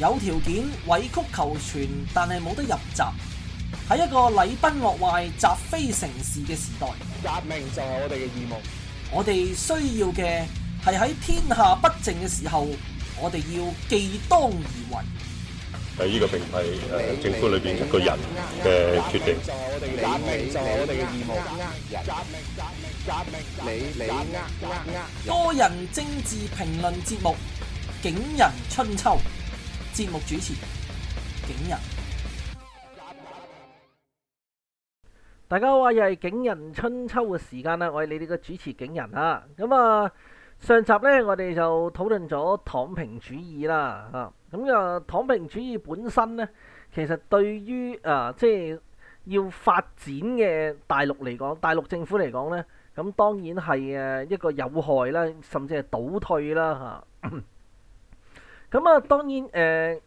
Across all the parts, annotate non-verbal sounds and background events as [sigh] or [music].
有條件委曲求全，但係冇得入閘。喺一個禮崩樂壞、積非成是嘅時代，革命就係我哋嘅義務。我哋需要嘅係喺天下不正嘅時候，我哋要既當而為。喺呢個並唔係誒政府裏邊一個人嘅決定。就係我哋革命就係我哋嘅義務。革命革命革命你你個人政治評論節目《景仁春秋》。節目主持景仁，大家好啊！又係景仁春秋嘅時間啦，我係你哋嘅主持景仁啊。咁啊，上集呢，我哋就討論咗躺平主義啦。啊，咁啊，躺平主義本身呢，其實對於啊、呃，即係要發展嘅大陸嚟講，大陸政府嚟講呢，咁當然係誒一個有害啦，甚至係倒退啦。 [laughs] 咁啊，當然誒，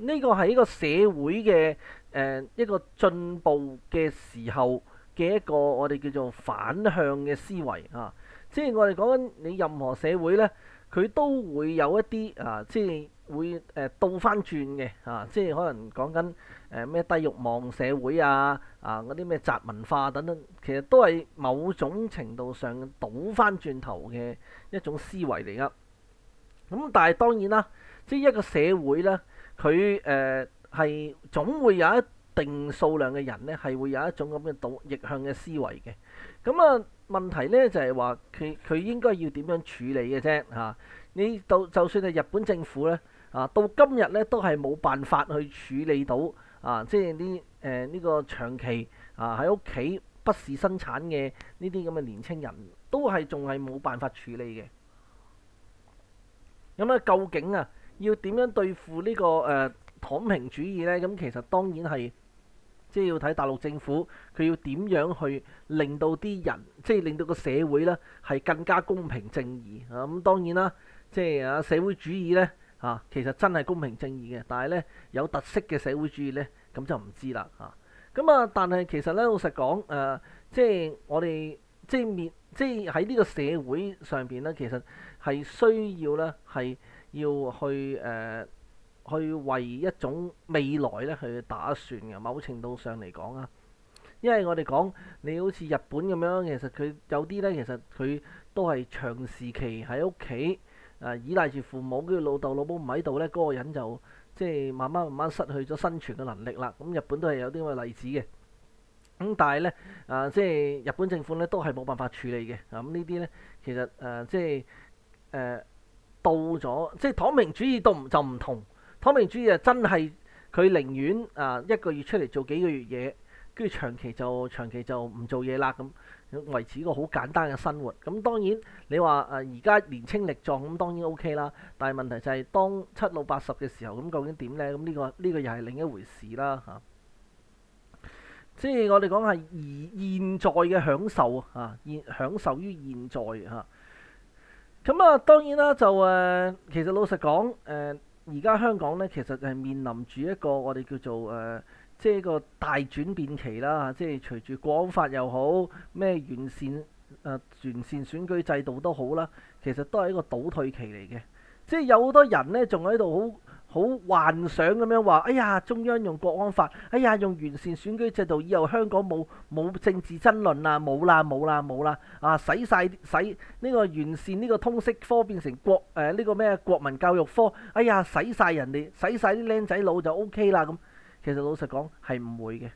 呢個係一個社會嘅誒、呃、一個進步嘅時候嘅一個我哋叫做反向嘅思維啊，即係我哋講緊你任何社會咧，佢都會有一啲啊，即係會誒、呃、倒翻轉嘅啊，即係可能講緊誒咩低欲望社會啊，啊嗰啲咩宅文化等等，其實都係某種程度上倒翻轉頭嘅一種思維嚟㗎。咁但係當然啦。即係一個社會咧，佢誒係總會有一定數量嘅人咧，係會有一種咁嘅倒逆向嘅思維嘅。咁啊問題咧就係話佢佢應該要點樣處理嘅啫嚇？你到就算係日本政府咧啊，到今日咧都係冇辦法去處理到啊，即係呢誒呢個長期啊喺屋企不事生產嘅呢啲咁嘅年輕人都係仲係冇辦法處理嘅。咁、嗯、啊，究竟啊？要點樣對付呢個誒躺平主義呢？咁其實當然係，即係要睇大陸政府佢要點樣去令到啲人，即係令到個社會呢係更加公平正義啊！咁當然啦，即係啊社會主義呢，嚇、啊，其實真係公平正義嘅，但係呢，有特色嘅社會主義呢，咁就唔知啦嚇。咁啊，但係其實呢，老實講誒、啊，即係我哋即係面即係喺呢個社會上邊呢，其實係需要呢係。要去誒、呃、去為一種未來咧去打算嘅，某程度上嚟講啊，因為我哋講你好似日本咁樣，其實佢有啲咧，其實佢都係長時期喺屋企啊，依賴住父母，跟住老豆老母唔喺度咧，嗰、那個人就即係慢慢慢慢失去咗生存嘅能力啦。咁、嗯、日本都係有啲咁嘅例子嘅。咁、嗯、但係咧啊，即係日本政府咧都係冇辦法處理嘅。咁、嗯、呢啲咧其實誒、呃、即係誒。呃到咗，即係躺平主義都唔就唔同。躺平主義啊，真係佢寧願啊、呃、一個月出嚟做幾個月嘢，跟住長期就長期就唔做嘢啦咁，維持一個好簡單嘅生活。咁當然你話啊而家年輕力壯咁當然 OK 啦，但係問題就係當七老八十嘅時候咁究竟點呢？咁呢、呢個呢、呢個又係另一回事啦嚇、啊。即係我哋講係現現在嘅享受啊，現享受於現在嚇。啊咁啊、嗯，當然啦，就誒、呃，其實老實講，誒、呃，而家香港咧，其實係面臨住一個我哋叫做誒、呃，即係一個大轉變期啦，即係隨住國安法又好，咩完善誒、呃、完善選舉制度都好啦，其實都係一個倒退期嚟嘅，即係有好多人咧，仲喺度好好幻想咁樣話，哎呀，中央用國安法，哎呀，用完善選舉制度以後，香港冇冇政治爭論啦，冇啦，冇啦，冇啦，啊，洗曬啲洗呢個完善呢個通識科變成國誒呢、呃這個咩國民教育科，哎呀，使晒人哋使晒啲僆仔佬就 OK 啦咁。其實老實講係唔會嘅，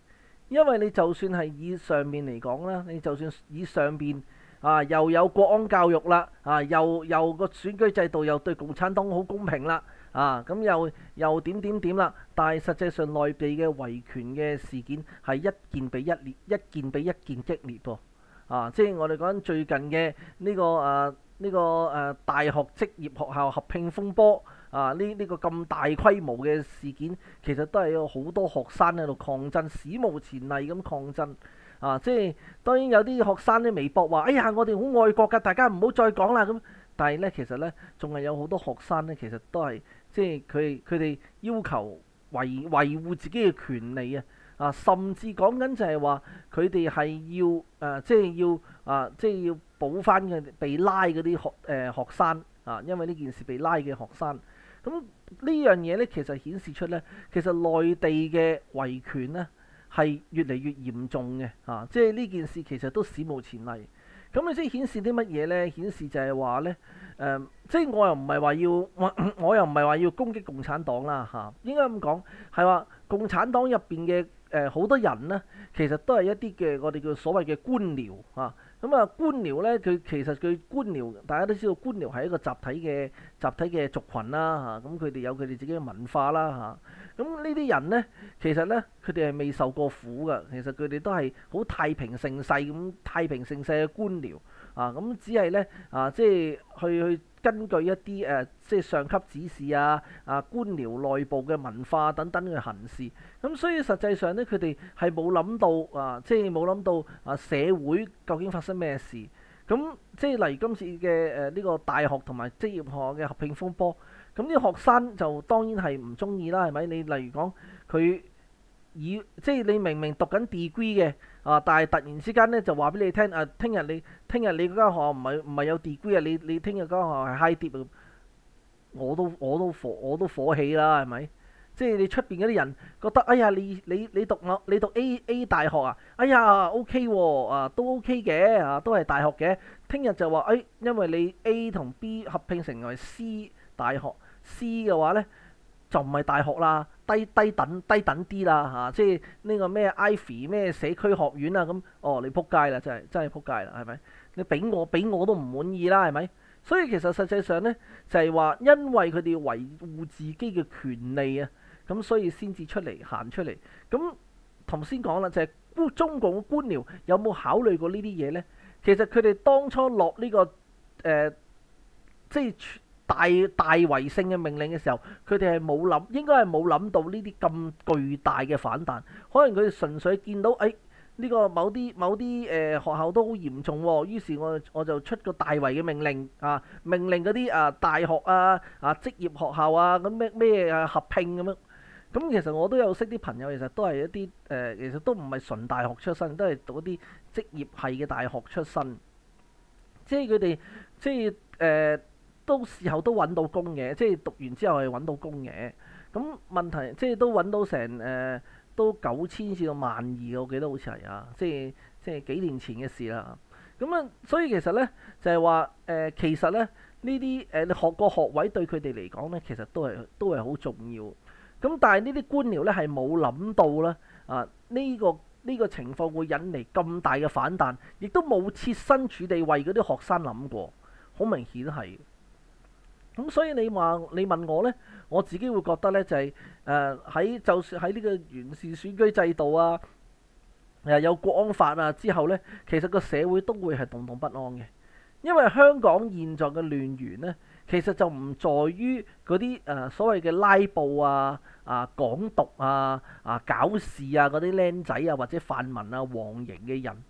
因為你就算係以上面嚟講啦，你就算以上邊啊又有國安教育啦，啊又又個選舉制度又對共產黨好公平啦。啊，咁又又點點點啦，但係實際上內地嘅維權嘅事件係一件比一列，一件比一件激烈噃、啊，啊，即係我哋講緊最近嘅呢、這個誒呢、啊這個誒、啊、大學職業學校合併風波，啊，呢、這、呢個咁、這個、大規模嘅事件，其實都係有好多學生喺度抗爭，史無前例咁抗爭，啊，即係當然有啲學生喺微博話：，哎呀，我哋好愛國㗎，大家唔好再講啦咁。但係呢，其實呢仲係有好多學生呢，其實都係。即係佢佢哋要求維維護自己嘅權利啊啊，甚至講緊就係話佢哋係要誒、呃，即係要啊、呃，即係要補翻嘅被拉嗰啲學誒、呃、學生啊，因為呢件事被拉嘅學生。咁、嗯、呢樣嘢咧，其實顯示出咧，其實內地嘅維權咧係越嚟越嚴重嘅啊！即係呢件事其實都史無前例。咁你先顯示啲乜嘢呢？顯示就係話呢，誒、呃，即係我又唔係話要， [coughs] 我又唔係話要攻擊共產黨啦嚇、啊。應該咁講，係話共產黨入邊嘅誒好多人呢，其實都係一啲嘅我哋叫所謂嘅官僚啊。咁啊、嗯，官僚咧，佢其實佢官僚，大家都知道官僚係一個集體嘅集體嘅族群啦嚇，咁佢哋有佢哋自己嘅文化啦嚇。咁、嗯、呢啲人咧，其實咧，佢哋係未受過苦㗎，其實佢哋都係好太平盛世咁太平盛世嘅官僚。啊，咁只係咧啊，即係去去根據一啲誒、啊，即係上級指示啊，啊官僚內部嘅文化等等嘅行事。咁、啊、所以實際上咧，佢哋係冇諗到啊，即係冇諗到啊社會究竟發生咩事。咁、啊、即係例如今次嘅誒呢個大學同埋職業學校嘅合併風波，咁、啊、啲學生就當然係唔中意啦，係咪？你例如講佢以即係你明明讀緊 degree 嘅。啊！但係突然之間咧，就話俾你聽，啊，聽日你聽日你嗰間學校唔係唔係有 degree 啊？你你聽日嗰間學校係 high deep，我都我都火我都火氣啦，係咪？即係你出邊嗰啲人覺得，哎呀，你你你讀我你讀 A A 大學啊？哎呀，OK 啊，啊都 OK 嘅，啊都係大學嘅。聽日就話，哎，因為你 A 同 B 合併成為 C 大學，C 嘅話咧就唔係大學啦。低低等低等啲啦嚇、啊，即係呢個咩 Ivy 咩社區學院啊？咁，哦你撲街啦真係真係撲街啦係咪？你俾我俾我都唔滿意啦係咪？所以其實實際上咧就係話，因為佢哋要維護自己嘅權利啊，咁所以先至出嚟行出嚟。咁頭先講啦，就係、是、中共官僚有冇考慮過呢啲嘢咧？其實佢哋當初落呢、這個、呃、即係。大大圍性嘅命令嘅時候，佢哋係冇諗，應該係冇諗到呢啲咁巨大嘅反彈。可能佢哋純粹見到誒呢、哎這個某啲某啲誒、呃、學校都好嚴重喎、哦，於是我，我我就出個大圍嘅命令啊，命令嗰啲啊大學啊啊職業學校啊咁咩咩啊合併咁樣。咁、啊、其實我都有識啲朋友，其實都係一啲誒、呃，其實都唔係純大學出身，都係讀啲職業系嘅大學出身。即係佢哋，即係誒。呃都時候都揾到工嘅，即係讀完之後係揾到工嘅。咁問題即係都揾到成誒、呃、都九千至到萬二，我記得好似係啊，即係即係幾年前嘅事啦。咁啊，所以其實呢，就係話誒，其實咧呢啲誒你學個學位對佢哋嚟講呢，其實都係都係好重要。咁但係呢啲官僚呢，係冇諗到啦啊呢、呢個呢、呢個情況會引嚟咁大嘅反彈，亦都冇設身處地為嗰啲學生諗過，好明顯係。咁、嗯、所以你話你問我呢，我自己會覺得呢，就係誒喺就算喺呢個完善選舉制度啊，誒、呃、有國安法啊之後呢，其實個社會都會係動盪不安嘅，因為香港現在嘅亂源呢，其實就唔在於嗰啲誒所謂嘅拉布啊、啊港獨啊、啊搞事啊嗰啲僆仔啊或者泛民啊黃營嘅人。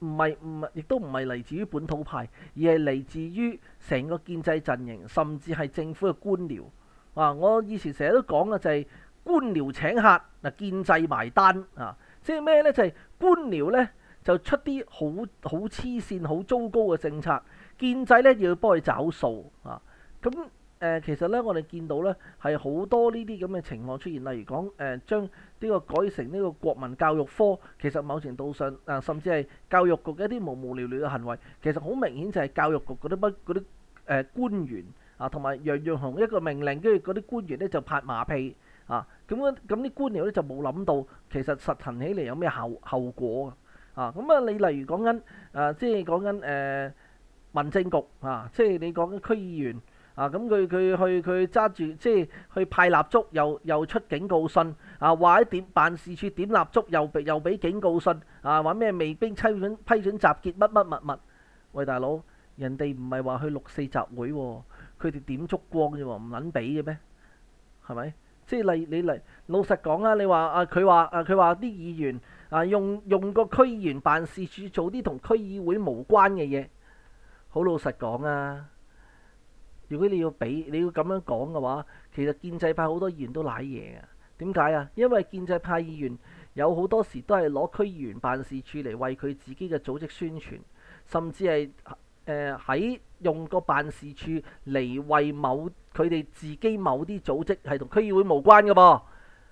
唔係唔亦都唔係嚟自於本土派，而係嚟自於成個建制陣營，甚至係政府嘅官僚。啊！我以前成日都講嘅就係官僚請客，嗱，建制埋單啊！即係咩呢？就係官僚呢，就出啲好好黐線、好糟糕嘅政策，建制呢，要幫佢找數啊！咁誒，其實咧，我哋見到咧係好多呢啲咁嘅情況出現，例如講誒，將呢個改成呢個國民教育科，其實某程度上啊，甚至係教育局嘅一啲無無聊聊嘅行為，其實好明顯就係教育局嗰啲乜嗰啲誒官員啊，同埋楊潤雄一個命令，跟住嗰啲官員咧就拍馬屁啊。咁樣咁啲官僚咧就冇諗到，其實實行起嚟有咩後後果啊？咁啊，你例如講緊誒，即係講緊誒民政局啊，即係你講緊區議員。啊，咁佢佢去佢揸住，即係去派蠟燭，又又出警告信，啊話喺點辦事處點蠟燭，又又俾警告信，啊話咩未經批准批准集結乜乜物物，喂大佬，人哋唔係話去六四集會喎，佢哋點燭光啫喎，唔撚俾嘅咩？係咪？即係你你嚟，老實講啊，你話啊佢話啊佢話啲議員啊用用個區議員辦事處做啲同區議會無關嘅嘢，好老實講啊。如果你要俾你要咁樣講嘅話，其實建制派好多議員都賴嘢啊？點解啊？因為建制派議員有好多時都係攞區議員辦事處嚟為佢自己嘅組織宣傳，甚至係誒喺用個辦事處嚟為某佢哋自己某啲組織係同區議會無關嘅噃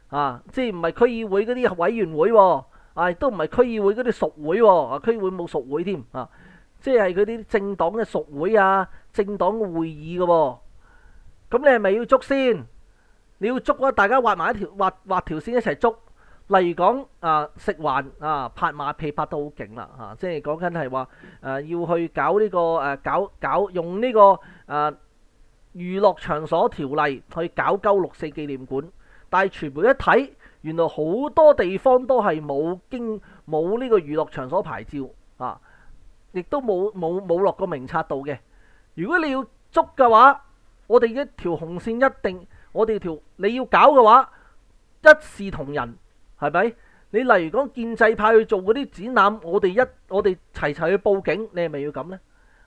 啊！即係唔係區議會嗰啲委員會喎，啊？啊，都唔係區議會嗰啲屬會喎，啊，區議會冇屬會添啊，啊！即係佢啲政黨嘅屬會啊！政黨嘅會議嘅喎，咁你係咪要捉先？你要捉啊！大家畫埋一條畫畫條線一齊捉。例如講啊，食環啊拍馬屁拍到好勁啦嚇，即係講緊係話誒要去搞呢個誒搞搞用呢個誒娛樂場所條例去搞鳩六四紀念館，但係傳媒一睇，原來好多地方都係冇經冇呢個娛樂場所牌照啊，亦都冇冇冇落個名冊度嘅。如果你要捉嘅話，我哋一條紅線一定，我哋條你要搞嘅話，一視同仁係咪？你例如講建制派去做嗰啲展覽，我哋一我哋齊齊去報警，你係咪要咁咧？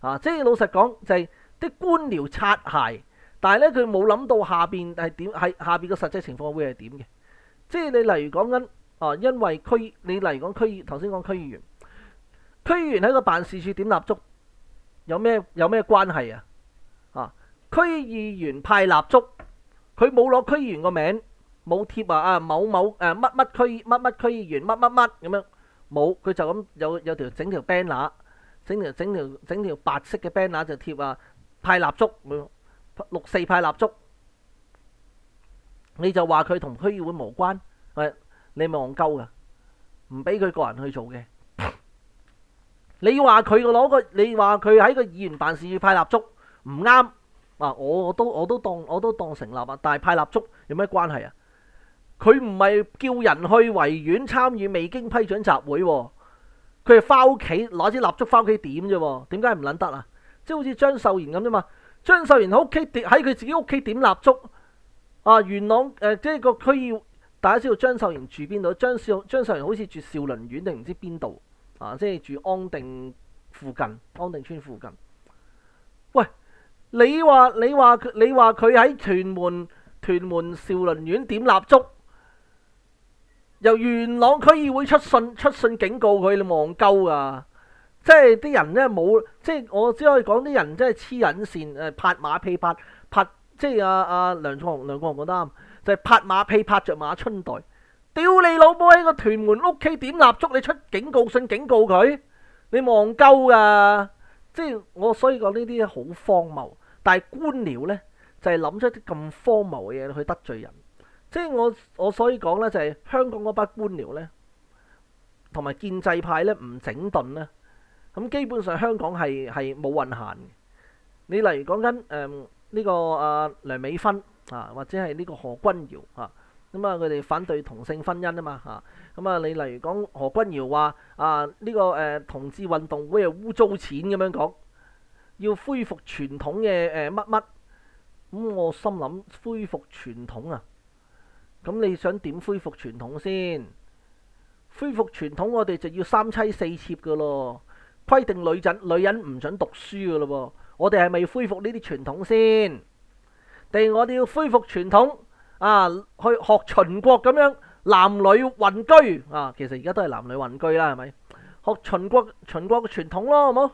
啊，即係老實講，就係、是、啲官僚擦鞋，但係咧佢冇諗到下邊係點，係下邊個實際情況會係點嘅。即係你例如講緊啊，因為區你例如講區議，頭先講區議員，區議員喺個辦事處點立足。有咩有咩關係啊？啊，區議員派蠟燭，佢冇攞區議員個名，冇貼啊啊某某誒乜乜區議乜乜區議員乜乜乜咁樣，冇佢就咁有有條整條 banner，整條整條整條，整條白色嘅 banner 就貼啊派蠟燭，六四派蠟燭，你就話佢同區議會無關，誒、哎、你咪戇鳩噶，唔俾佢個人去做嘅。你話佢個攞個，你話佢喺個議員辦事處派蠟燭唔啱啊！我我都我都當我都當成立啊，但係派蠟燭有咩關係啊？佢唔係叫人去維園參與未經批准集會喎、啊，佢係翻屋企攞支蠟燭翻屋企點啫喎？點解唔撚得啊？即係、啊、好似張秀賢咁啫嘛，張秀賢喺屋企點，喺佢自己屋企點蠟燭啊？元朗誒，即、呃、係、就是、個區議，大家知道張秀賢住邊度？張秀張秀賢好似住兆麟苑定唔知邊度？啊！即係住安定附近，安定村附近。喂，你話你話佢，你話佢喺屯門屯門兆麟苑點蠟燭，由元朗區議會出信出信警告佢，你望鳩啊！即係啲人咧冇，即係我只可以講啲人真係黐隱線，誒拍馬屁拍拍，即係啊，阿、啊、梁國雄，梁國雄覺得啱就係、是、拍馬屁拍着馬春袋。屌你老母！喺個屯門屋企點蠟燭？你出警告信警告佢？你忙鳩㗎！即係我所以講呢啲嘢好荒謬。但係官僚咧就係諗出啲咁荒謬嘅嘢去得罪人。即係我我所以講咧就係香港嗰班官僚咧，同埋建制派咧唔整頓咧，咁基本上香港係係冇運行嘅。你例如講緊誒呢個阿梁美芬啊，或者係呢個何君堯啊。咁啊，佢哋反對同性婚姻啊嘛，嚇！咁啊，你例如講何君堯話啊，呢、這個誒、呃、同志運動會係污糟錢咁樣講，要恢復傳統嘅誒乜乜？咁、呃嗯、我心諗恢復傳統啊，咁你想點恢復傳統先？恢復傳統，我哋就要三妻四妾噶咯，規定女仔女人唔准讀書噶咯。我哋係咪要恢復呢啲傳統先？定我哋要恢復傳統？啊！去學秦國咁樣男女混居啊，其實而家都係男女混居啦，係咪學秦國秦國嘅傳統咯？好冇？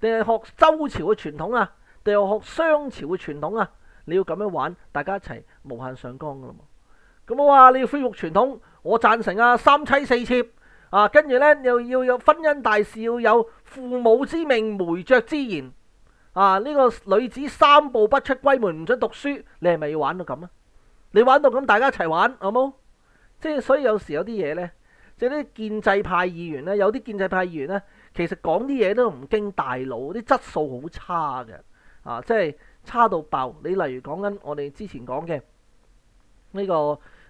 定係學周朝嘅傳統啊，定係學商朝嘅傳統啊？你要咁樣玩，大家一齊無限上綱噶啦嘛？咁好啊，你要恢復傳統，我贊成啊。三妻四妾啊，跟住呢，又要有婚姻大事要有父母之命，媒妁之言啊。呢、呢個女子三步不出閨門，唔準讀書，你係咪要玩到咁啊？你玩到咁，大家一齊玩，好冇？即係所以有時有啲嘢咧，即係啲建制派議員咧，有啲建制派議員咧，其實講啲嘢都唔經大腦，啲質素好差嘅。啊，即係差到爆。你例如講緊我哋之前講嘅呢個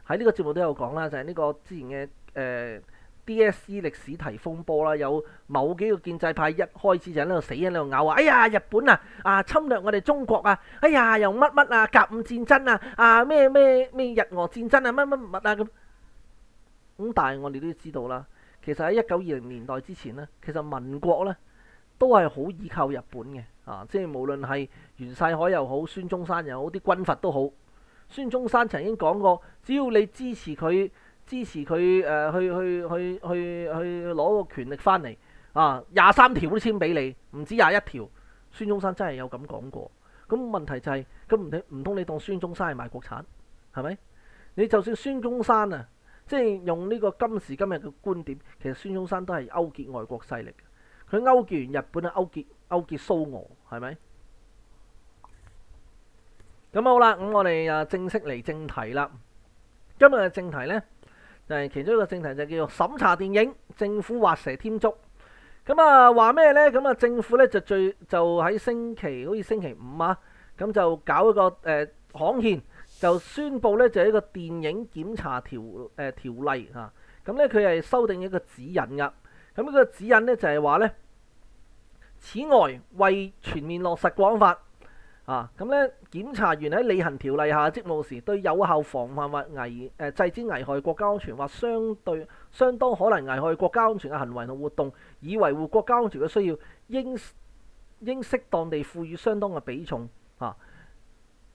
喺呢個節目都有講啦，就係呢個之前嘅誒。呃 DSE 歷史題風波啦，有某幾個建制派一開始就喺度死喺度咬啊！哎呀，日本啊啊，侵略我哋中國啊！哎呀，又乜乜啊，甲午戰爭啊，啊咩咩咩日俄戰爭啊，乜乜乜啊咁咁。但係我哋都知道啦，其實喺一九二零年代之前咧，其實民國咧都係好依靠日本嘅啊，即係無論係袁世凱又好，孫中山又好，啲軍閥都好。孫中山曾經講過，只要你支持佢。支持佢誒、呃、去去去去去攞個權力翻嚟啊！廿三條都簽俾你，唔止廿一條。孫中山真係有咁講過。咁問題就係咁唔通唔通你當孫中山係賣國產係咪？你就算孫中山啊，即係用呢個今時今日嘅觀點，其實孫中山都係勾結外國勢力。佢勾結完日本啊，勾結勾結蘇俄係咪？咁好啦，咁我哋啊正式嚟正題啦。今日嘅正題呢。就係其中一個正題，就叫做審查電影，政府畫蛇添足。咁啊，話咩呢？咁啊，政府呢，就最就喺星期，好似星期五啊，咁就搞一個誒，港、呃、憲就宣布呢，就係一個電影檢查條誒條例啊。咁呢，佢係修訂一個指引噶。咁、這、呢個指引呢，就係話呢，此外為全面落實廣法。啊，咁咧，檢查員喺履行條例下職務時，對有效防範或危、呃、制止危害國家安全或相對相當可能危害國家安全嘅行為同活動，以維護國家安全嘅需要，應應適當地賦予相當嘅比重。啊，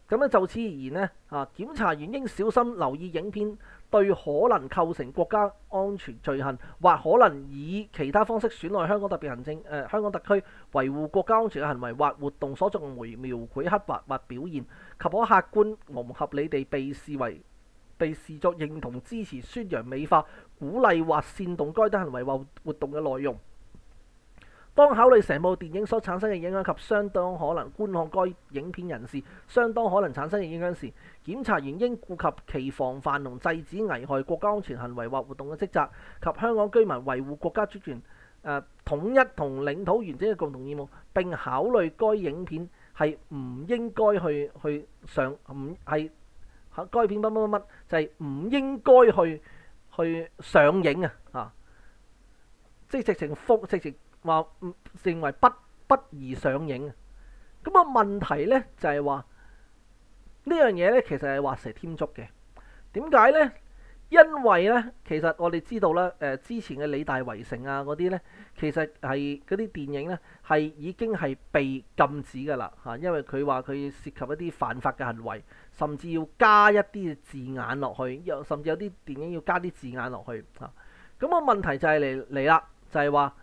咁咧，就此而言呢，啊，檢查員應小心留意影片。對可能構成國家安全罪行，或可能以其他方式損害香港特別行政誒、呃、香港特區維護國家安全嘅行為或活動所作嘅描繪黑白、刻畫或表現，及可客觀同合理地被視為被視作認同、支持、宣揚、美化、鼓勵或煽動該等行為或活動嘅內容。當考慮成部電影所產生嘅影響及相當可能觀看該影片人士相當可能產生嘅影響時，檢查員應顧及其防範同制止危害國家安全行為或活動嘅職責，及香港居民維護國家主權、誒、呃、統一同領土完整嘅共同義務。並考慮該影片係唔應該去去上，唔、嗯、係該片乜乜乜就係、是、唔應該去去上映啊！啊，即直情覆直情。話唔認為不不宜上映。咁啊問題呢就係話呢樣嘢呢，其實係畫蛇添足嘅。點解呢？因為呢，其實我哋知道咧，誒、呃、之前嘅《理大圍城啊》啊嗰啲呢，其實係嗰啲電影呢，係已經係被禁止㗎啦嚇，因為佢話佢涉及一啲犯法嘅行為，甚至要加一啲字眼落去，甚至有啲電影要加啲字眼落去嚇。咁啊、那個、問題就係嚟嚟啦，就係、是、話。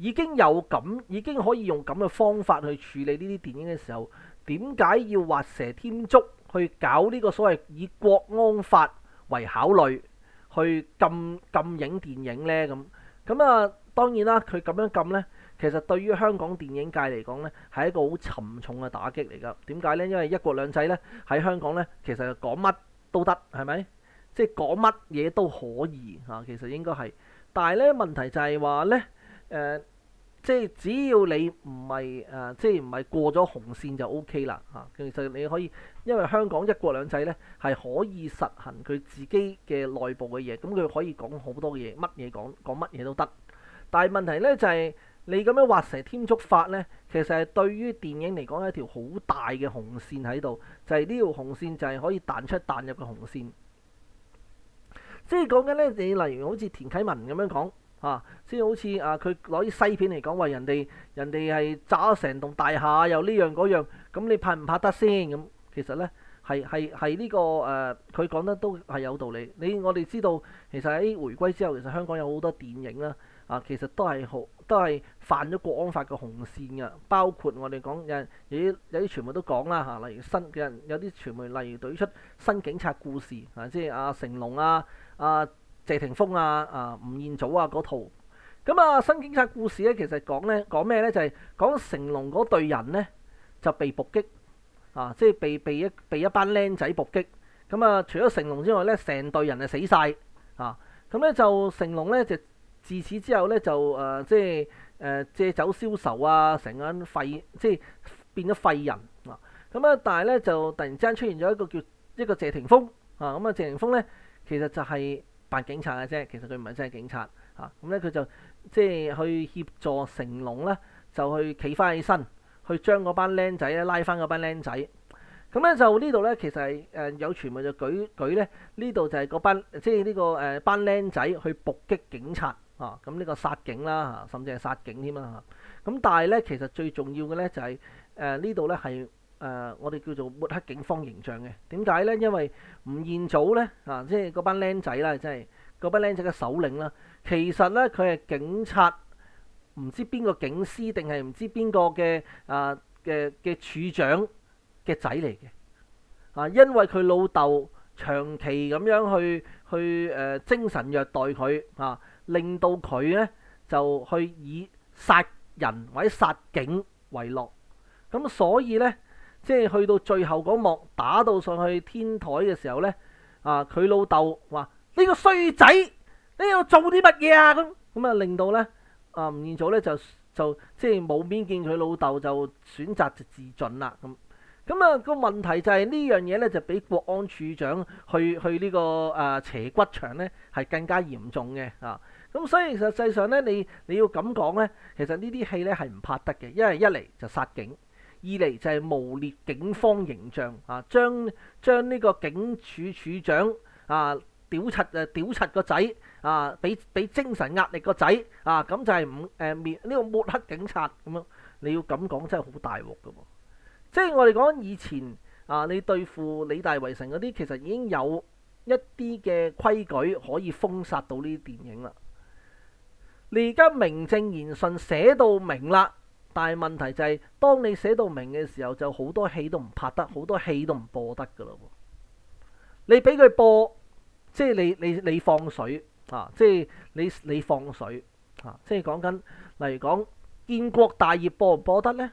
已經有咁，已經可以用咁嘅方法去處理呢啲電影嘅時候，點解要畫蛇添足去搞呢個所謂以國安法為考慮去禁禁影電影呢？咁咁啊，當然啦，佢咁樣禁呢，其實對於香港電影界嚟講呢，係一個好沉重嘅打擊嚟㗎。點解呢？因為一國兩制呢，喺香港呢，其實講乜都得，係咪？即係講乜嘢都可以嚇，其實應該係。但係呢，問題就係話呢。誒、呃，即係只要你唔係誒，即係唔係過咗紅線就 OK 啦嚇、啊。其實你可以，因為香港一國兩制咧，係可以實行佢自己嘅內部嘅嘢，咁佢可以講好多嘢，乜嘢講講乜嘢都得。但係問題咧就係、是、你咁樣畫蛇添足法咧，其實係對於電影嚟講係一條好大嘅紅線喺度，就係、是、呢條紅線就係可以彈出彈入嘅紅線。即係講緊咧，你例如好似田啟文咁樣講。啊，先好似啊，佢攞啲西片嚟講話人哋人哋係炸咗成棟大廈又呢樣嗰樣，咁你拍唔拍得先咁、嗯？其實咧係係係呢、這個誒，佢講得都係有道理。你我哋知道其實喺回歸之後，其實香港有好多電影啦，啊，其實都係好都係犯咗國安法嘅紅線嘅，包括我哋講有有啲有啲傳媒都講啦嚇，例如新嘅有啲傳媒，例如推出新警察故事啊，即係阿成龍啊啊。謝霆鋒啊，啊、呃、吳彥祖啊，嗰套咁啊《新警察故事》咧，其實講咧講咩咧，就係、是、講成龍嗰隊人咧就被伏擊啊，即係被被一被一班僆仔伏擊咁啊。除咗成龍之外咧，成隊人啊死晒。啊。咁、嗯、咧就成龍咧就自此之後咧就誒、呃、即係誒借酒消愁啊，成間廢即係變咗廢人啊。咁啊，但係咧就突然之間出現咗一個叫一個謝霆鋒啊。咁、嗯、啊，謝霆鋒咧其實就係、就。是扮警察嘅啫，其實佢唔係真係警察嚇，咁咧佢就即係、就是、去協助成龍啦，就去企返起身，去將嗰班僆仔咧拉返嗰班僆仔。咁咧就呢度咧，其實係誒有傳聞就舉舉咧，呢度就係嗰班即係呢個誒、呃、班僆仔去伏擊警察啊，咁呢個殺警啦、啊，甚至係殺警添啊。咁但係咧，其實最重要嘅咧就係、是、誒、呃、呢度咧係。誒、呃，我哋叫做抹黑警方形象嘅。點解呢？因為吳彥祖呢，啊，即係嗰班僆仔啦，即係嗰班僆仔嘅首領啦。其實呢，佢係警察唔知邊個警司定係唔知邊個嘅啊嘅嘅處長嘅仔嚟嘅啊，因為佢老豆長期咁樣去去誒、呃、精神虐待佢啊，令到佢呢就去以殺人或者殺警為樂咁，所以呢。即係去到最後嗰幕打到上去天台嘅時候咧，啊佢老豆話：呢個衰仔，你要做啲乜嘢啊？咁咁啊，令到咧啊吳彥祖咧就就，就即係冇面見佢老豆，就選擇就自盡啦咁。咁啊個問題就係、係、呢樣嘢咧，就俾國安處長去去呢、呢個啊邪、呃、骨場咧，係更加嚴重嘅啊。咁所以實際上咧，你你要咁講咧，其實呢啲戲咧係唔拍得嘅，因為一嚟就殺警。二嚟就係污蔑警方形象，啊，將將呢個警署署長啊，屌柒啊，屌柒個仔啊，俾俾精神壓力個仔啊，咁就係唔誒滅呢個抹黑警察咁樣。你要咁講真係好大鑊㗎喎。即係我哋講以前啊，你對付理大圍城嗰啲，其實已經有一啲嘅規矩可以封殺到呢啲電影啦。你而家名正言順寫到明啦。但係問題就係、是，當你寫到明嘅時候，就好多戲都唔拍得，好多戲都唔播得㗎喇喎。你俾佢播，即係你你你放水啊！即係你你放水啊！即係講緊，例如講建國大業播唔播得呢？」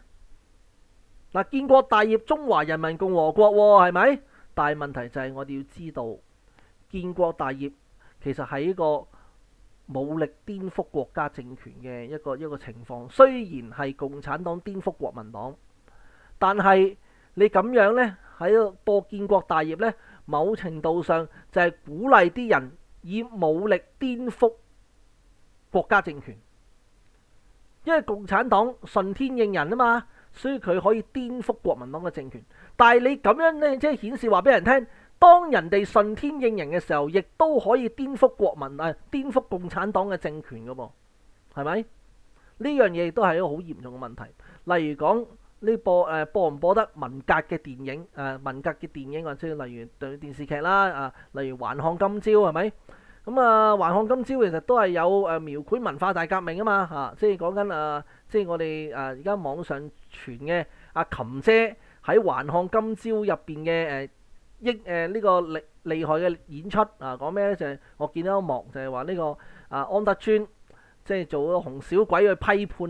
「嗱，建國大業，中華人民共和國喎、啊，係咪？大問題就係我哋要知道，建國大業其實係一個。武力顛覆國家政權嘅一個一個情況，雖然係共產黨顛覆國民黨，但係你咁樣呢喺度播建國大業呢，某程度上就係鼓勵啲人以武力顛覆國家政權，因為共產黨順天應人啊嘛，所以佢可以顛覆國民黨嘅政權，但係你咁樣呢，即係顯示話俾人聽。當人哋順天應人嘅時候，亦都可以顛覆國民啊、呃，顛覆共產黨嘅政權噶噃，係咪呢樣嘢亦都係一個好嚴重嘅問題？例如講呢部誒播唔、呃、播，播得文革嘅電影誒？文、呃、革嘅電影或者、就是、例如電視劇啦啊、呃，例如《還看今朝》係咪咁啊？《還看今朝》其實都係有誒、呃、描繪文化大革命啊嘛嚇，即係講緊啊，即、就、係、是呃、我哋誒而家網上傳嘅阿、啊、琴姐喺《還看今朝》入邊嘅誒。益誒呢個厲厲害嘅演出啊！講咩咧？就係、是、我見到一幕就、這個，就係話呢個啊安德尊，即、就、係、是、做個紅小鬼去批判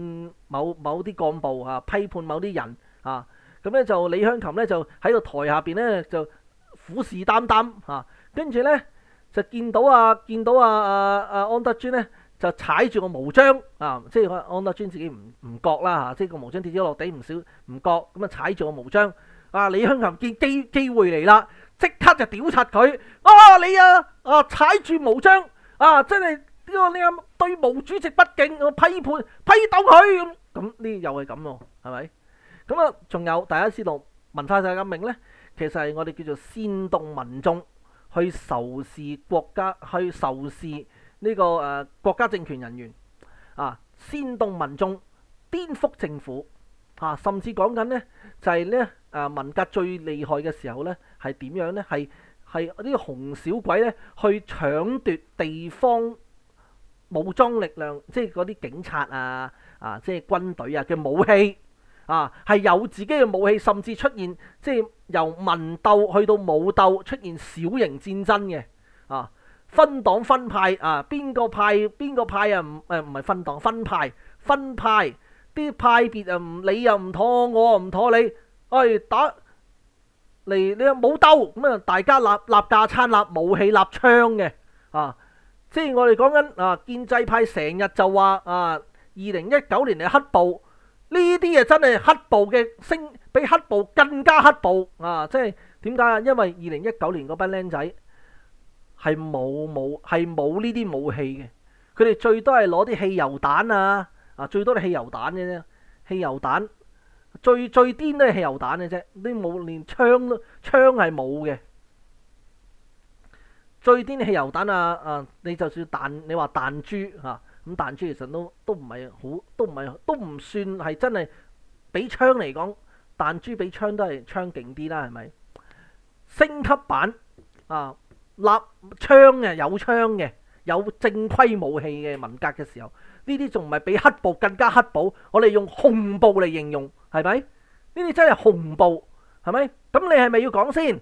某某啲幹部啊，批判某啲人啊。咁咧就李香琴咧就喺個台下邊咧就虎視眈眈啊。跟住咧就見到啊見到啊啊啊安德尊咧就踩住個毛章。啊，即係安德尊自己唔唔覺啦嚇、啊，即係個毛章跌咗落地唔少唔覺，咁啊踩住個毛章。啊！李香琴見機機會嚟啦，即刻就屌查佢。啊你啊啊踩住毛章啊，真係呢、這個你啊、這個、對毛主席不敬，我批判批鬥佢咁。咁呢又係咁咯，係咪？咁啊，仲有大家知道，文化大革命咧，其實係我哋叫做煽動民眾去仇視國家，去仇視呢、這個誒、呃、國家政權人員啊，煽動民眾顛覆政府。嚇、啊，甚至講緊呢，就係呢，誒，文革最厲害嘅時候呢，係點樣呢？係係啲紅小鬼呢，去搶奪地方武裝力量，即係嗰啲警察啊，啊，即係軍隊啊嘅武器，啊，係有自己嘅武器，甚至出現即係由文鬥去到武鬥，出現小型戰爭嘅，啊，分黨分派啊，邊個派邊個派，個派啊？唔誒唔係分黨分派分派。分派分派啲派別啊，唔你又唔妥我，我唔妥你，哎打嚟你又冇兜。咁啊！大家立立架撐、立武器、立槍嘅啊，即係我哋講緊啊，建制派成日就話啊，二零一九年嘅黑暴，呢啲啊真係黑暴嘅升，比黑暴更加黑暴啊！即係點解啊？因為二零一九年嗰班僆仔係冇武，係冇呢啲武器嘅，佢哋最多係攞啲汽油彈啊！啊！最多係汽油彈嘅啫，汽油彈最最癲都係汽油彈嘅啫，你冇連槍都槍係冇嘅。最癲嘅汽油彈啊啊！你就算彈你話彈珠嚇咁、啊、彈珠其實都都唔係好都唔係都唔算係真係比槍嚟講，彈珠比槍都係槍勁啲啦，係咪？升級版啊！立槍嘅有槍嘅有正規武器嘅文革嘅時候。呢啲仲唔係比黑暴更加黑暴？我哋用紅暴嚟形容，係咪？呢啲真係紅暴，係咪？咁你係咪要講先？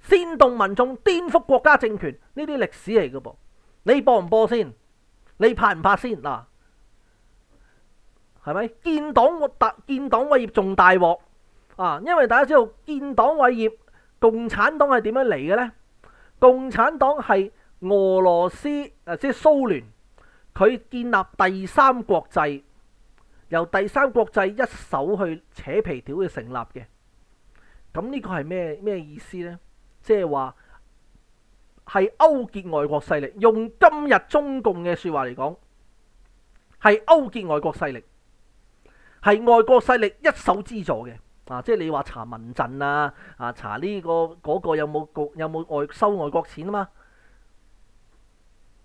煽動民眾、顛覆國家政權，呢啲歷史嚟嘅噃？你播唔播先？你拍唔拍先嗱？係咪建黨建黨偉業仲大鑊啊？因為大家知道建黨偉業，共產黨係點樣嚟嘅呢？共產黨係俄羅斯啊，即係蘇聯。佢建立第三國際，由第三國際一手去扯皮條去成立嘅。咁呢個係咩咩意思呢？即係話係勾結外國勢力，用今日中共嘅説話嚟講，係勾結外國勢力，係外國勢力一手資助嘅。啊，即係你話查民陣啊，啊查呢個嗰個有冇國有冇外收外國錢啊嘛？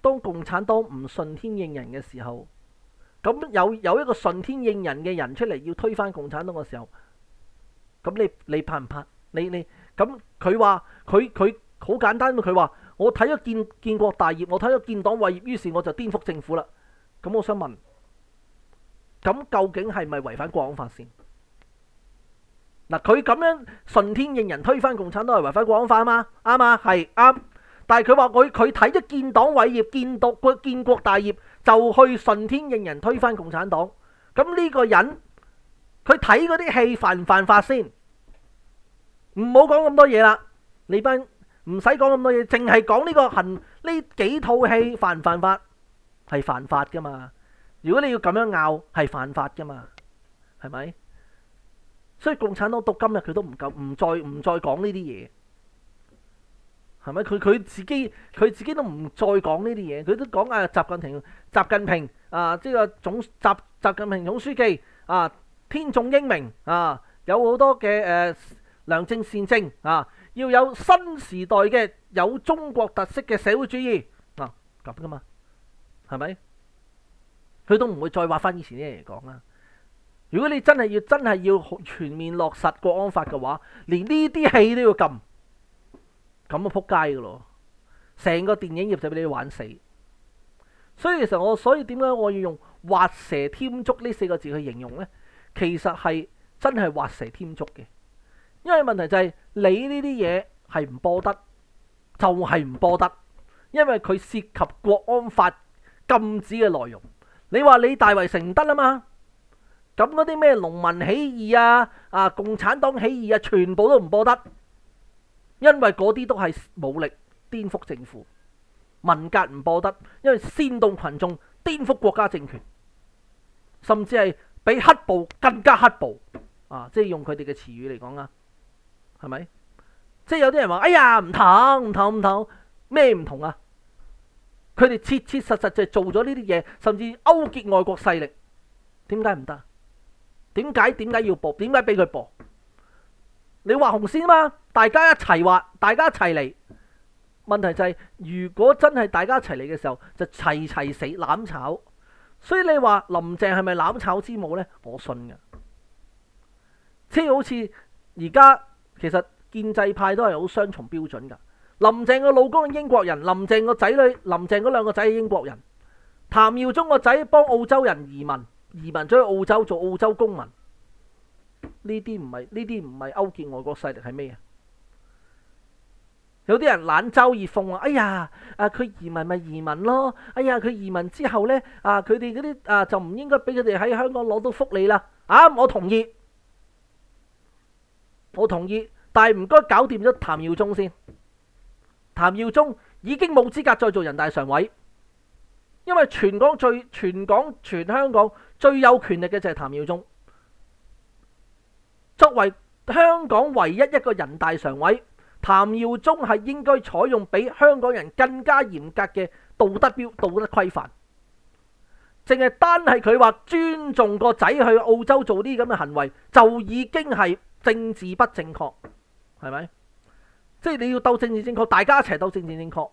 當共產黨唔順天應人嘅時候，咁有有一個順天應人嘅人出嚟要推翻共產黨嘅時候，咁你你怕唔怕？你你咁佢話佢佢好簡單。佢話我睇咗建建國大業，我睇咗建黨偉業，於是我就顛覆政府啦。咁我想問，咁究竟係咪違反國安法先？嗱，佢咁樣順天應人推翻共產黨係違反國安法嘛？啱嘛？係啱。但係佢話佢佢睇咗建黨偉業、建獨、建國大業，就去順天應人推翻共產黨。咁呢個人，佢睇嗰啲戲犯唔犯法先？唔好講咁多嘢啦，你班唔使講咁多嘢，淨係講呢個行呢幾套戲犯唔犯法？係犯法噶嘛？如果你要咁樣拗，係犯法噶嘛？係咪？所以共產黨到今日佢都唔夠，唔再唔再講呢啲嘢。係咪佢佢自己佢自己都唔再講呢啲嘢，佢都講啊，習近平，習近平啊，即係總習習近平總書記啊，天縱英明啊，有好多嘅誒良政善政啊，要有新時代嘅有中國特色嘅社會主義啊，咁噶嘛，係咪？佢都唔會再話翻以前啲嘢講啦。如果你真係要真係要全面落實國安法嘅話，連呢啲戲都要禁。咁就扑街噶咯，成個電影業就俾你玩死。所以其實我所以點解我要用畫蛇添足呢四個字去形容呢？其實係真係畫蛇添足嘅，因為問題就係、是、你呢啲嘢係唔播得，就係、是、唔播得，因為佢涉及國安法禁止嘅內容。你話你大衞城唔得啊嘛？咁嗰啲咩農民起義啊、啊共產黨起義啊，全部都唔播得。因為嗰啲都係武力顛覆政府，文革唔播得，因為煽動群眾顛覆國家政權，甚至係比黑暴更加黑暴啊！即係用佢哋嘅詞語嚟講啊，係咪？即係有啲人話：哎呀，唔同唔同唔同，咩唔同，同，同啊？佢哋切切實實就係做咗呢啲嘢，甚至勾結外國勢力，點解唔得？點解點解要播？點解俾佢播？你畫紅線吖嘛，大家一齊畫，大家一齊嚟。問題就係如果真係大家一齊嚟嘅時候，就齊齊死，攬炒。所以你話林鄭係咪攬炒之母呢？我信噶。即係好似而家，其實建制派都係好雙重標準噶。林鄭個老公係英國人，林鄭個仔女，林鄭嗰兩個仔係英國人。譚耀宗個仔幫澳洲人移民，移民咗去澳洲做澳洲公民。呢啲唔係呢啲唔係勾結外國勢力係咩啊？有啲人冷嘲熱諷啊，哎呀，啊佢移民咪移民咯，哎呀佢移民之後咧，啊佢哋嗰啲啊就唔應該俾佢哋喺香港攞到福利啦。啊，我同意，我同意，但係唔該搞掂咗譚耀宗先。譚耀宗已經冇資格再做人大常委，因為全港最全港全香港最有權力嘅就係譚耀宗。作為香港唯一一個人大常委，譚耀宗係應該採用比香港人更加嚴格嘅道德標道德規範。淨係單係佢話尊重個仔去澳洲做啲咁嘅行為就已經係政治不正確，係咪？即係你要鬥政治正確，大家一齊鬥政治正確，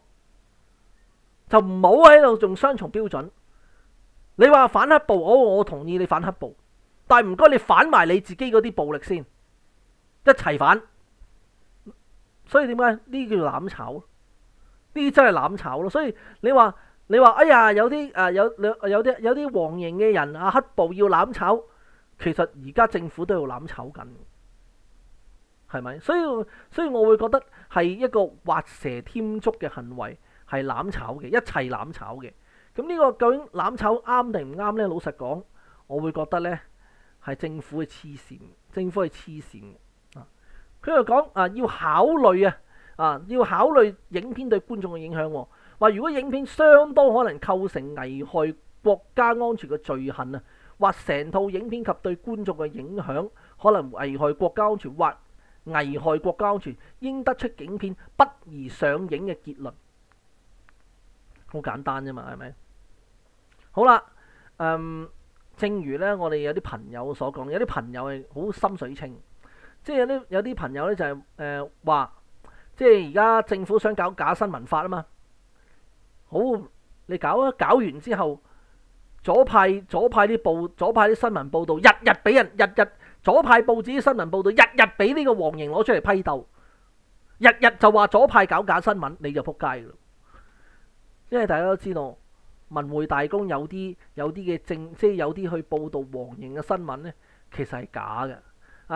就唔好喺度用雙重標準。你話反黑暴，我我同意你反黑暴。但唔該，你反埋你自己嗰啲暴力先，一齊反。所以點解呢叫攬炒？呢真係攬炒咯。所以你話你話哎呀，有啲誒、啊、有兩有啲有啲黃營嘅人啊，黑暴要攬炒，其實而家政府都要攬炒緊，係咪？所以所以我會覺得係一個畫蛇添足嘅行為，係攬炒嘅，一齊攬炒嘅。咁呢個究竟攬炒啱定唔啱咧？老實講，我會覺得咧。係政府嘅黐線，政府係黐線嘅啊，佢又講啊，要考慮啊，啊，要考慮影片對觀眾嘅影響，啊。話如果影片相當可能構成危害國家安全嘅罪行啊，或成套影片及對觀眾嘅影響可能危害國家安全，或危害國家安全，應得出影片不宜上映嘅結論。好簡單啫嘛，係咪？好啦，嗯。正如咧，我哋有啲朋友所講，有啲朋友係好心水清，即係有啲有啲朋友咧就係誒話，即係而家政府想搞假新聞法啊嘛，好你搞啊，搞完之後左派左派啲報左派啲新聞報導，日日俾人日日左派報紙啲新聞報導，日日俾呢個黃瑩攞出嚟批鬥，日日就話左派搞假新聞，你就撲街咯，因為大家都知道。文匯大公有啲有啲嘅政即係有啲去報道黃瑩嘅新聞呢，其實係假嘅。啊、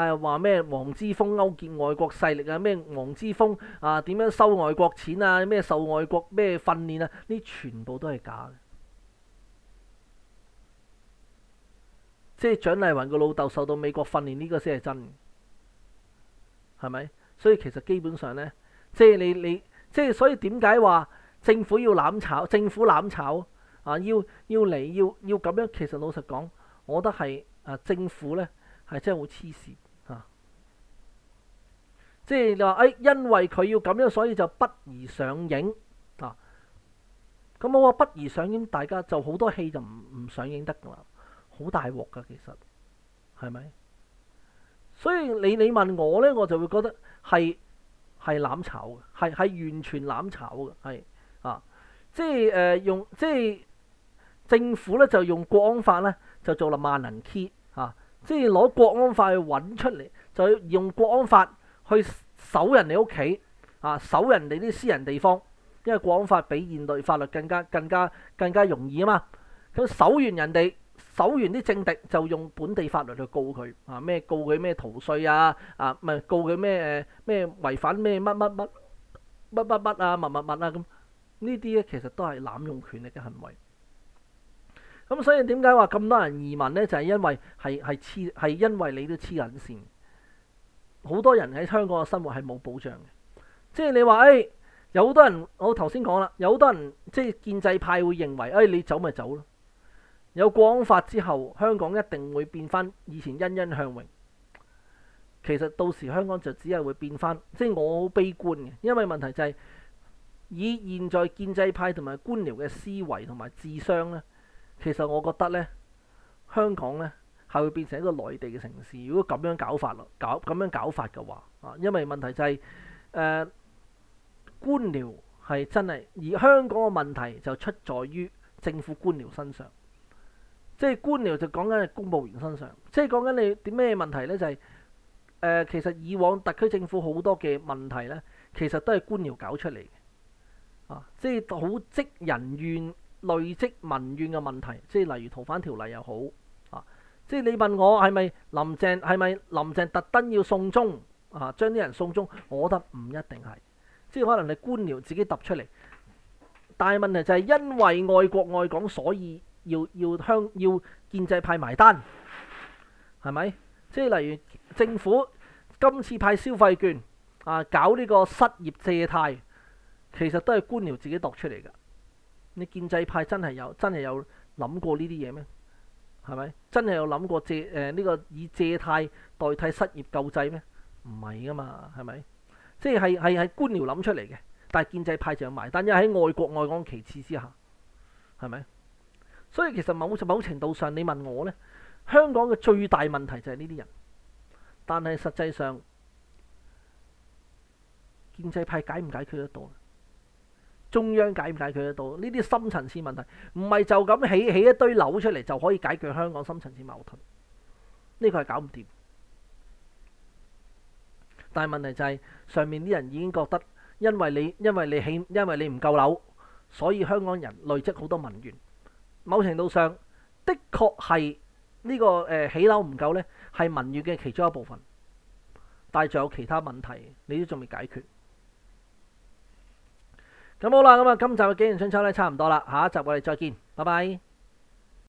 哎，話咩黃之鋒勾結外國勢力啊？咩黃之鋒啊？點樣收外國錢啊？咩受外國咩訓練啊？呢全部都係假嘅。即係蔣麗雲個老豆受到美國訓練呢個先係真嘅，係咪？所以其實基本上呢，即係你你即係所以點解話政府要攬炒政府攬炒？啊！要要嚟要要咁樣，其實老實講，我覺得係啊政府咧係真係好黐線嚇，即係你話誒，因為佢要咁樣，所以就不宜上映啊！咁我話不宜上映，大家就好多戲就唔唔上映得噶啦，好大鑊噶，其實係咪？所以你你問我咧，我就會覺得係係攬炒，係係完全攬炒嘅，係啊！即係誒用即係。就是政府咧就用國安法咧就做咗萬能 key 啊，即係攞國安法去揾出嚟，就用國安法去搜人哋屋企啊，搜人哋啲私人地方，因為國安法比現代法律更加更加更加容易啊嘛。咁搜完人哋，搜完啲政敵，就用本地法律去告佢啊咩告佢咩逃稅啊啊咪告佢咩咩違反咩乜乜乜乜乜乜啊乜乜乜啊咁呢啲咧其實都係濫用權力嘅行為。咁、嗯、所以點解話咁多人移民呢？就係、是、因為係係黐係因為你都黐緊線，好多人喺香港嘅生活係冇保障嘅。即係你話誒、哎，有好多人，我頭先講啦，有好多人即係建制派會認為誒、哎，你走咪走咯。有國安法之後，香港一定會變返以前欣欣向榮。其實到時香港就只係會變返，即係我好悲觀嘅，因為問題就係、是、以現在建制派同埋官僚嘅思維同埋智商咧。其實我覺得咧，香港咧係會變成一個內地嘅城市。如果咁樣搞法咯，搞咁樣搞法嘅話，啊，因為問題就係、是、誒、呃、官僚係真係，而香港嘅問題就出在於政府官僚身上，即係官僚就講緊係公務員身上，即係講緊你點咩問題呢？就係、是、誒、呃，其實以往特區政府好多嘅問題呢，其實都係官僚搞出嚟嘅，啊，即係好積人怨。累積民怨嘅問題，即係例如逃犯條例又好啊，即係你問我係咪林鄭係咪林鄭特登要送中啊，將啲人送中，我覺得唔一定係，即係可能係官僚自己揼出嚟。但係問題就係因為愛國愛港，所以要要向要建制派埋單，係咪？即係例如政府今次派消費券啊，搞呢個失業借貸，其實都係官僚自己揼出嚟㗎。你建制派真係有真係有諗過呢啲嘢咩？係咪真係有諗過借，誒呢個以借貸代替失業救濟咩？唔係噶嘛，係咪？即係係喺官僚諗出嚟嘅，但係建制派就有埋單，但係喺外國外國其次之下，係咪？所以其實某某程度上，你問我呢，香港嘅最大問題就係呢啲人，但係實際上建制派解唔解決得到？中央解唔解決得到呢啲深層次問題，唔係就咁起起一堆樓出嚟就可以解決香港深層次矛盾。呢、這個係搞唔掂。但係問題就係、是、上面啲人已經覺得，因為你因為你起因為你唔夠樓，所以香港人累積好多民怨。某程度上的確係、這個呃、呢個誒起樓唔夠咧，係民怨嘅其中一部分。但係仲有其他問題，你都仲未解決。咁好啦，咁啊，今集嘅《景仁春秋》咧，差唔多啦，下一集我哋再見，拜拜。